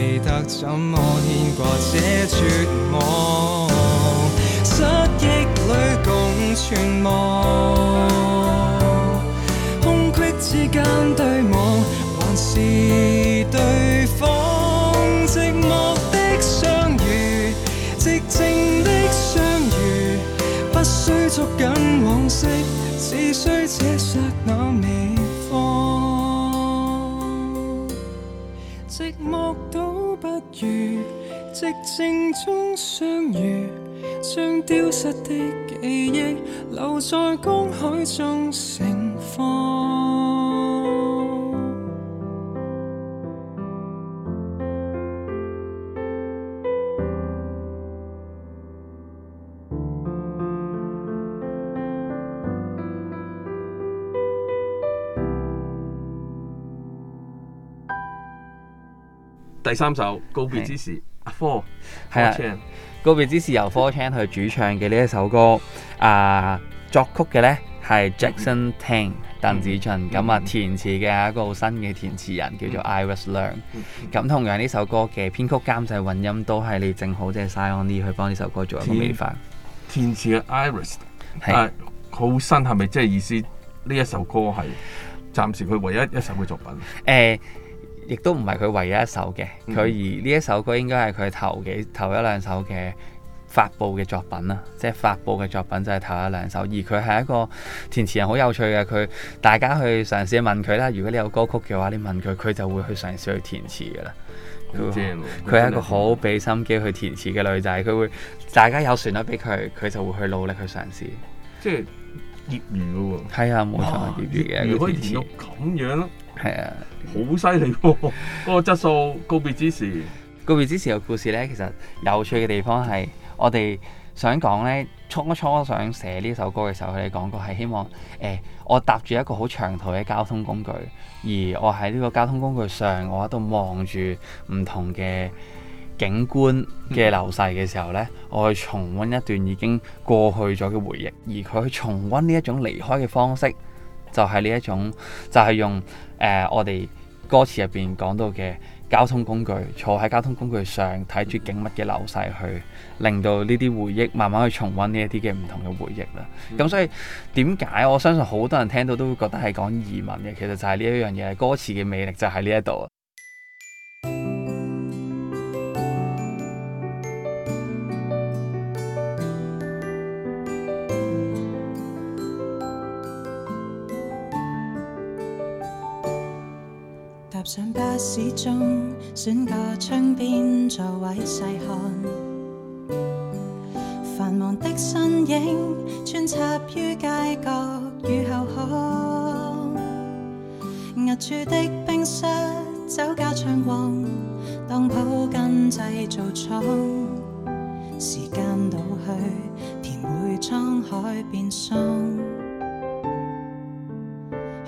Speaker 4: 記得怎麼牽掛這絕望，失憶裏共存亡，空隙之間對望，還是對方。寂寞的相遇，寂靜的相遇，不需捉緊往昔，只需這刹那微光。寂寞。於寂靜中相遇，將丟失的記憶留在江海中盛放。
Speaker 3: 第三首《告別之時》，
Speaker 1: 阿 Four 係
Speaker 3: 啊，《告別之時》由 Four Chan 去主唱嘅呢一首歌，啊作曲嘅咧係 Jackson Tang 鄧子俊。咁啊填詞嘅一個好新嘅填詞人叫做 Iris Leung 咁同樣呢首歌嘅編曲監製混音都係你正好，即係 Silently 去幫呢首歌做一個美化。
Speaker 1: 填詞嘅 Iris 係好新，係咪即係意思呢一首歌係
Speaker 3: 暫時佢唯一一首嘅作品？誒。亦都唔係佢唯一一首嘅。佢、嗯、而呢一首歌應該係佢頭幾頭一兩首嘅發佈嘅作品啦，即係發佈嘅作品就係頭一兩首。而佢係一個填詞人，好有趣嘅。佢大家去嘗試問佢啦，如果你有歌曲嘅話，你問佢，佢就會去嘗試去填詞嘅啦。佢係、啊、所以一個好俾心機去填詞嘅女仔，佢會大家有旋律俾佢，佢就會去努力去嘗試。即係業餘喎。係啊，冇錯，業餘嘅一個填詞。可以填
Speaker 1: 到咁樣。
Speaker 3: 係啊，好犀利、哦！嗰個 質素。告別之時，告別之時嘅故事呢，其實有趣嘅地方係我哋想講呢，初初想寫呢首歌嘅時候，佢哋講過係希望誒、呃，我搭住一個好長途嘅交通工具，而我喺呢個交通工具上我喺度望住唔同嘅景觀嘅流逝嘅時候呢，嗯、我去重溫一段已經過去咗嘅回憶，而佢去重溫呢一種離開嘅方式，就係呢一種，就係、是、用。誒、呃，我哋歌詞入邊講到嘅交通工具，坐喺交通工具上睇住景物嘅流逝，去令到呢啲回憶慢慢去重溫呢一啲嘅唔同嘅回憶啦。咁所以點解我相信好多人聽到都會覺得係講移民嘅，其實就係呢一樣嘢，歌詞嘅魅力就喺呢一度啊。
Speaker 5: 始終選個窗邊座位細看，繁忙的身影穿插於街角與後巷，屋處的冰室酒家暢旺，當舖跟製造廠，時間倒去，填滿滄海變桑。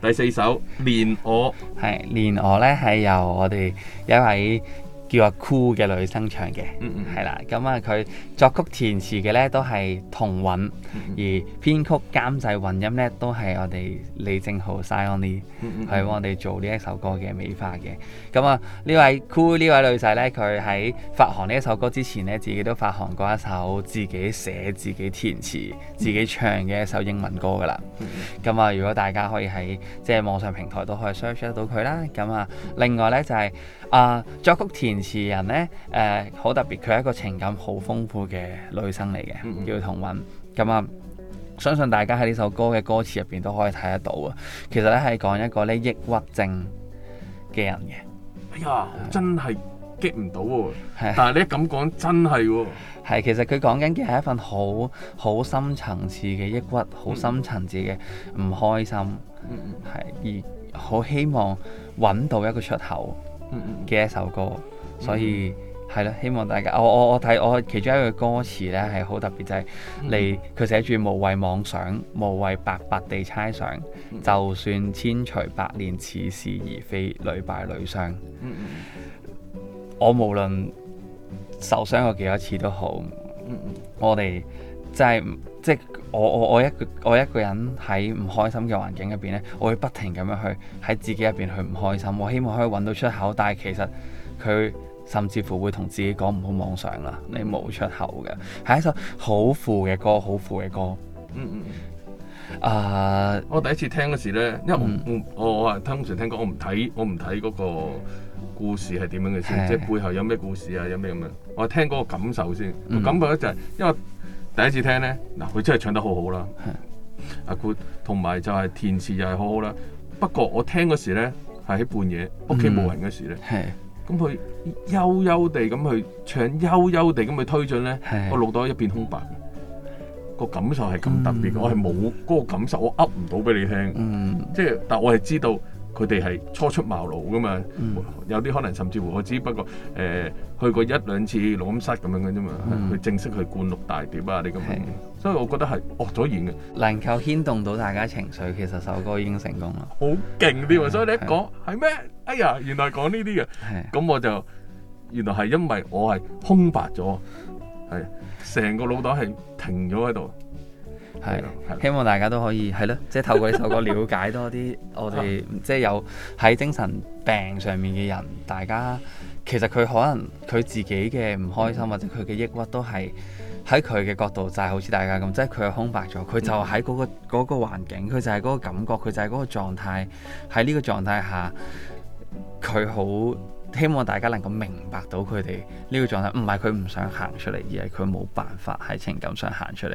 Speaker 1: 第四首《蓮鵲》，
Speaker 3: 係《蓮鵲》咧，係由我哋一位。因為叫阿 Cool 嘅女生唱嘅，係啦、嗯嗯，咁啊佢作曲填詞嘅咧都係童韻，嗯嗯，而編曲監製混音咧都係我哋李正浩 Sion Lee，幫、嗯嗯嗯、我哋做呢一首歌嘅美化嘅。咁啊呢位 Cool 呢位女仔咧，佢喺發行呢一首歌之前咧，自己都發行過一首自己寫自己填詞、嗯嗯、自己唱嘅一首英文歌噶啦。咁啊，如果大家可以喺即係網上平台都可以 search 得到佢啦。咁啊、就是，另外咧就係、是。啊！Uh, 作曲填詞人咧，誒、呃、好特別，佢係一個情感好豐富嘅女生嚟嘅，嗯嗯叫同韻。咁啊，相信大家喺呢首歌嘅歌詞入邊都可以睇得到啊。其實咧係講一個咧抑鬱症嘅人嘅。
Speaker 1: 哎呀，真係激唔到喎！係，但係你一咁講，真係
Speaker 3: 喎、哦。係，其實佢講緊嘅係一份好好深層次嘅抑鬱，好深層次嘅唔開心，係、嗯、而好希望揾到一個出口。嘅一首歌，所以係咯、嗯，希望大家我我我睇我其中一句歌詞呢，係好特別，就係、是、你佢寫住無謂妄想，無謂白白地猜想，嗯、就算千錘百煉，似是而非，屢敗屢傷。嗯
Speaker 6: 嗯、
Speaker 3: 我無論受傷過幾多次都好，嗯嗯、我哋。就係、是、即係我我我一個我一個人喺唔開心嘅環境入邊咧，我會不停咁樣去喺自己入邊去唔開心。我希望可以揾到出口，但係其實佢甚至乎會同自己講，唔好妄想啦，你冇出口嘅，係一首好負嘅歌，好負嘅歌。嗯嗯。嗯 uh，
Speaker 1: 我第一次聽嗰時咧，因為我、嗯、我，我，我，我通常聽歌，我唔睇我唔睇嗰個故事係點樣嘅先，即係是背後有咩故事啊，有咩咁樣。我係聽嗰個感受先，嗯、我感覺就係、是、因為。第一次聽咧，嗱佢真係唱得好好啦，阿的、啊、Good 同埋就係填詞又係好好啦。不過我聽嗰時咧係喺半夜，屋企冇人嗰時咧，咁佢、嗯、悠悠地咁去唱，悠悠地咁去推進咧，的我腦袋一片空白，個感受係咁特別，嗯、我係冇嗰個感受，我噏唔到俾你聽，即係、嗯即係，但我係知道。佢哋係初出茅廬噶嘛，有啲可能甚至乎我只不過誒去過一兩次錄音室咁樣嘅啫嘛，去正式去灌錄大碟啊啲咁
Speaker 3: 嘅，所以我覺得係惡咗然嘅，能夠牽動到大家情緒，其實首歌已經成功啦，好
Speaker 1: 勁啲喎！所以你一講係咩？哎呀，原來講呢啲嘅，咁我就原來係因為我係空白咗，係成個腦袋係
Speaker 3: 停咗喺度。係，希望大家都可以係咯，即係透過呢首歌了解多啲我哋， 即係有喺精神病上面嘅人。大家其實佢可能佢自己嘅唔開心或者佢嘅抑鬱都係喺佢嘅角度，就係好似大家咁，即係佢係空白咗，佢就喺嗰、嗰個嗰 個環境，佢就係嗰個感覺，佢就係嗰個狀態。喺呢個狀態下，佢好希望大家能夠明白到佢哋呢個狀態，唔係佢唔想行出嚟，而係佢冇辦法喺情感上行出嚟。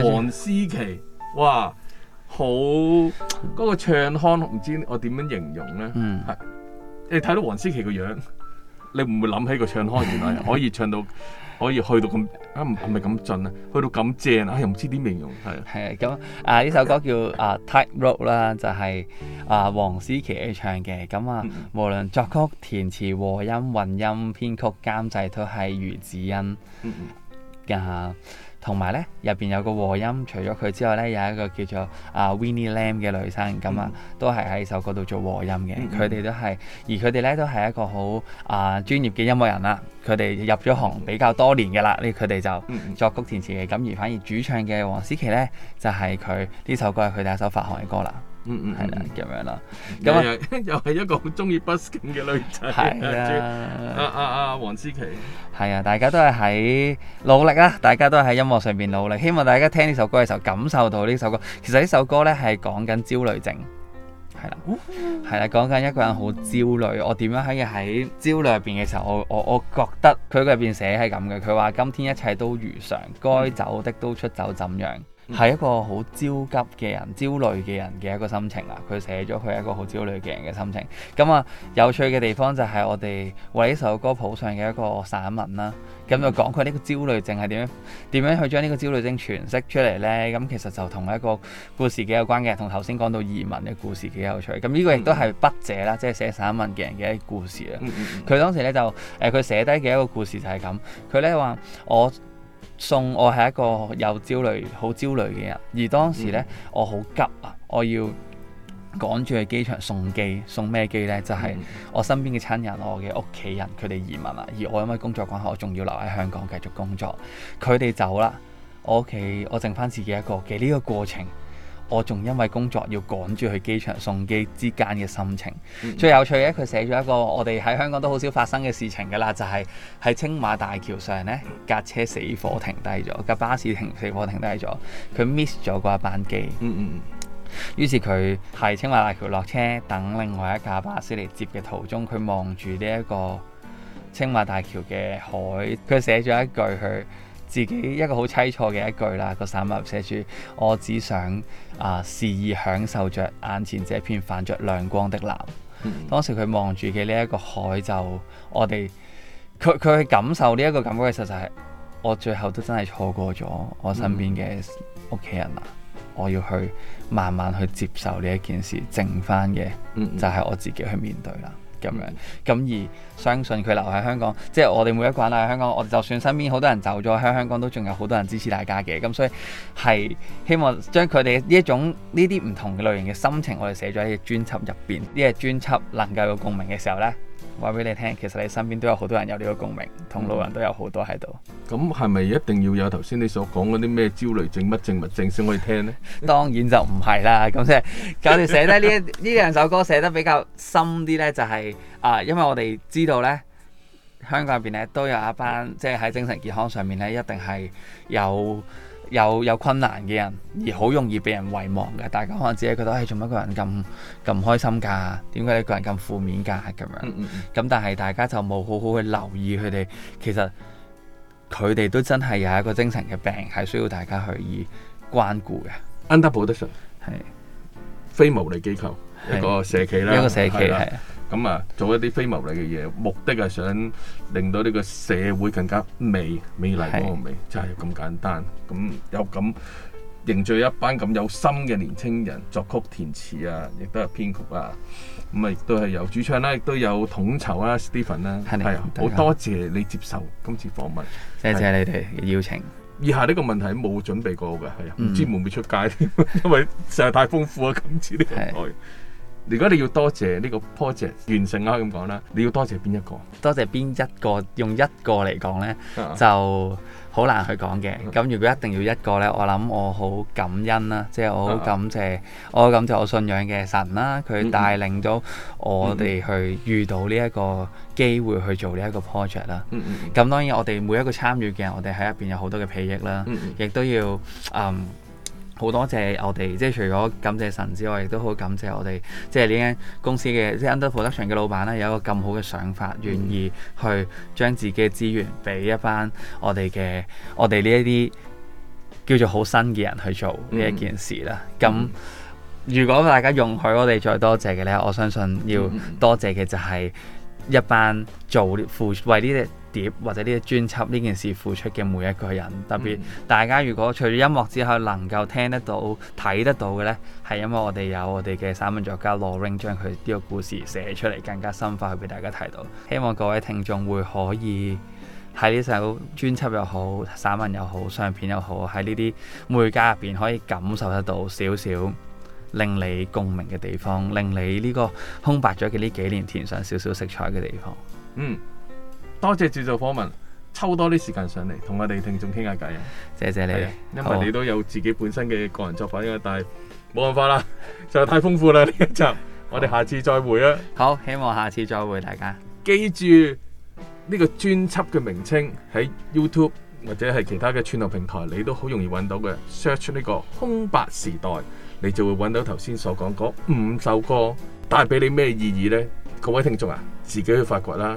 Speaker 1: 黃思琪，哇，好嗰、那個唱腔，唔知我點樣形容咧？係、嗯，你睇到黃思琪個樣，你唔會諗起個唱腔，原來可以唱到， 可
Speaker 3: 以去到咁，啊，係咪咁盡咧？去到咁正啊，又、哎、唔知點形容，係係咁，啊呢首歌叫《啊 Tightrope》啦，就係啊黃思琪唱嘅。咁啊，嗯、無論作曲、填詞、和音、混音、編曲、監製，都係余子欣。嗯嗯。家、嗯。啊同埋咧，入邊有，面有個和音，除咗佢之外咧，有一個叫做啊、uh, Winnie Lam 嘅女生，咁啊都係喺首歌度做和音嘅，佢哋、mm hmm. 都係，而佢哋咧都係一個好啊、呃、專業嘅音樂人啦，佢哋入咗行比較多年嘅啦，呢佢哋就作曲填詞嘅，咁而反而主唱嘅黃思琪咧就係佢呢首歌係佢第一首發行嘅歌啦。嗯嗯係啦，咁樣啦，咁
Speaker 1: 又係一個好中意 Busking 嘅女仔，係的啊，阿阿黃思琪，
Speaker 3: 係啊，大家都係喺努力啦，大家都係喺音樂上邊努力，希望大家聽呢首歌嘅時候，感受到呢首歌。其實呢首歌咧係講緊焦慮症，係啦，係啦，講緊一個人好焦慮，我點樣可以喺焦慮入邊嘅時候，我我我覺得佢佢入邊寫係咁嘅，佢話今天一切都如常，該走的都出走怎樣。係一個好焦急嘅人、焦慮嘅人嘅一個心情啊！佢寫咗佢係一個好焦慮嘅人嘅心情。咁、嗯、啊，有趣嘅地方就係我哋為呢首歌譜上嘅一個散文啦。咁就講佢呢個焦慮症係點樣？點樣去將呢個焦慮症詮釋出嚟呢？咁、嗯、其實就同一個故事幾有關嘅，同頭先講到移民嘅故事幾有趣。咁、嗯、呢、嗯嗯、個亦都係筆者啦，即係寫散文嘅人嘅一個故事啊。佢、嗯嗯嗯嗯嗯嗯、當時呢，就誒，佢寫低嘅一個故事就係咁，佢呢話我。我送我係一個有焦慮、好焦慮嘅人，而當時呢，嗯、我好急啊，我要趕住去機場送機。送咩機呢？就係、是、我身邊嘅親人、我嘅屋企人，佢哋移民啦。而我因為工作關係，我仲要留喺香港繼續工作。佢哋走啦，我屋企我剩翻自己一個嘅呢、呢個過程。我仲因為工作要趕住去機場送機之間嘅心情，嗯嗯，最有趣嘅，佢寫咗一個我哋喺香港都好少發生嘅事情㗎啦，就係、係、喺青馬大橋上呢，架、嗯嗯、車死火停低咗，架巴士停死火停低咗，佢 miss 咗嗰一班機。嗯，嗯，於是佢喺青馬大橋落車等另外一架巴士嚟接嘅途中，佢望住呢一個青馬大橋嘅海，佢寫咗一句佢。自己一個好悽楚嘅一句啦，個散文寫住：我只想啊，肆、呃、意享受着眼前這片泛着亮光的藍。Mm hmm. 當時佢望住嘅呢一個海就，就我哋佢佢去感受呢一個感覺嘅時候、就是，就係我最後都真係錯過咗我身邊嘅屋企人啦。Mm hmm. 我要去慢慢去接受呢一件事，剩返嘅就係我自己去面對啦。咁樣咁而相信佢留喺香港，即係我哋每一個人留喺香港。我哋就算身邊好多人走咗，喺香港都仲有好多人支持大家嘅。咁所以係希望將佢哋呢一種呢啲唔同嘅類型嘅心情，我哋寫咗喺個專輯入邊。呢個專輯能夠有共鳴嘅時候呢。話俾你聽，其實你身邊都有好多人有呢個共鳴，同老人都有好多喺度。
Speaker 1: 咁係咪一定要有頭先你所講嗰啲咩焦慮症、乜症、物症先可以聽呢？
Speaker 3: 當然就唔係啦。咁即係我哋寫得呢一呢兩首歌寫得比較深啲呢，就係啊，因為我哋知道呢，香港入邊呢都有一班即係喺精神健康上面呢一定係有。有有困難嘅人，而好容易畀人遺忘嘅，大家可能自己覺得，誒、哎，做乜個人咁咁唔開心㗎？點解一個人咁、啊、負面㗎、啊？咁樣咁，但係大家就冇好好去留意佢哋，其實佢哋都真係有一個精神嘅病，係需要大家去關顧嘅。恩德普德信係非牟利機構，是一個社企啦，是一個社企係。的
Speaker 1: 咁啊，做一啲非牟利嘅嘢，目的係想令到呢個社會更加美美麗嗰個美，就係咁簡單。咁有咁凝聚一班咁有心嘅年青人作曲填詞啊，亦都係編曲啊，咁啊亦都係有主唱啦、啊，亦都有統籌啊 Stephen 啦，係啊，好多謝你接受今次訪問，謝謝你哋嘅邀請。以下呢個問題冇準備過㗎，係、嗯、啊，唔知會唔會出街，因為實在太豐富啊，今次呢個如果你要多謝呢個 project 完成啦，咁講啦，
Speaker 3: 你要多謝邊一個？多謝邊一個？用一個嚟講呢，uh huh. 就好難去講嘅。咁、uh huh. 如果一定要一個呢，我諗我好感恩啦，即、就、係、是、我好感謝、uh huh. 我感謝我信仰嘅神啦，佢帶領到我哋去遇到呢一個機會去做呢一個 project 啦。嗯咁、uh huh. 當然我哋每一個參與嘅人，我哋喺入邊有好多嘅裨益啦，亦、uh huh. 都要、um, 好多謝我哋，即係除咗感謝神之外，亦都好感謝我哋，即係呢間公司嘅，即係 Under Production 嘅老闆啦，有一個咁好嘅想法，願意去將自己嘅資源俾一班我哋嘅，我哋呢一啲叫做好新嘅人去做呢一件事啦。咁、嗯、如果大家容許我哋再多謝嘅咧，我相信要多謝嘅就係一班做付為呢啲碟或者呢啲專輯呢件事付出嘅每一個人，特別大家如果除咗音樂之後能夠聽得到、睇得到嘅呢，係因為我哋有我哋嘅散文作家羅 ring 將佢呢個故事寫出嚟，更加深化去俾大家睇到。希望各位聽眾會可以喺呢首專輯又好、散文又好、相片又好，喺呢啲媒介入邊可以感受得到少少令你共鳴嘅地方，令你呢個空白咗嘅呢幾年填上少少色彩嘅地方。
Speaker 1: 嗯。多謝接受訪問，抽多啲時間上嚟同我哋聽眾傾下偈。
Speaker 3: 謝謝你、啊，因為你都
Speaker 1: 有自己本身嘅個人作品嘅，好但係
Speaker 3: 冇辦法啦，就係太豐富啦呢一集。好我哋下次再會啊！好，希望下次再會大家。
Speaker 1: 記住呢、呢個專輯嘅名稱喺 YouTube 或者係其他嘅串流平台，你都好容易揾到嘅。好 search 呢個空白時代，你就會揾到頭先所講嗰五首歌，帶俾你咩意義呢？各位聽眾啊，自己去發掘啦。